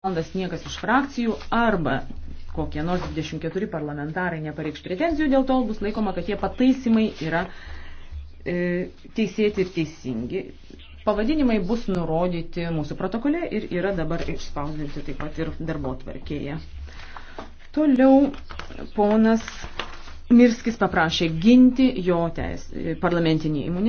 valandas niekas iš frakcijų arba kokie nors 24 parlamentarai nepareikš pretenzijų, dėl to bus laikoma, kad tie pataisimai yra e, teisėti ir teisingi. Pavadinimai bus nurodyti mūsų protokole ir yra dabar išspausdinti taip pat ir darbo tvarkėje. Toliau ponas Mirskis paprašė ginti jo teis, parlamentinį imunitetą.